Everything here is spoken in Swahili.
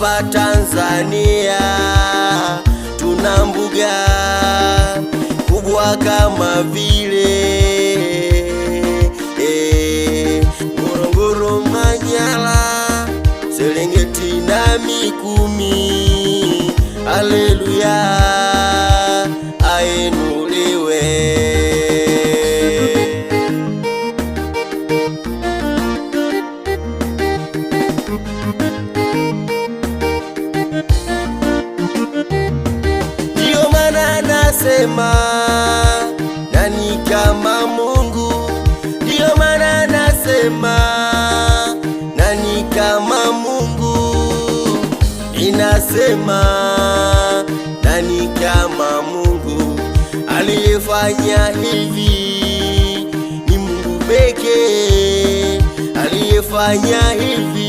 hapa Tanzania tuna mbuga kubwa kama vile e, Ngorongoro, Manyara, Serengeti na Mikumi. Haleluya, aenuliwe nasema nani kama Mungu? Ndiyo maana nasema nani kama Mungu, inasema nani kama Mungu, aliyefanya hivi ni Mungu pekee, aliyefanya hivi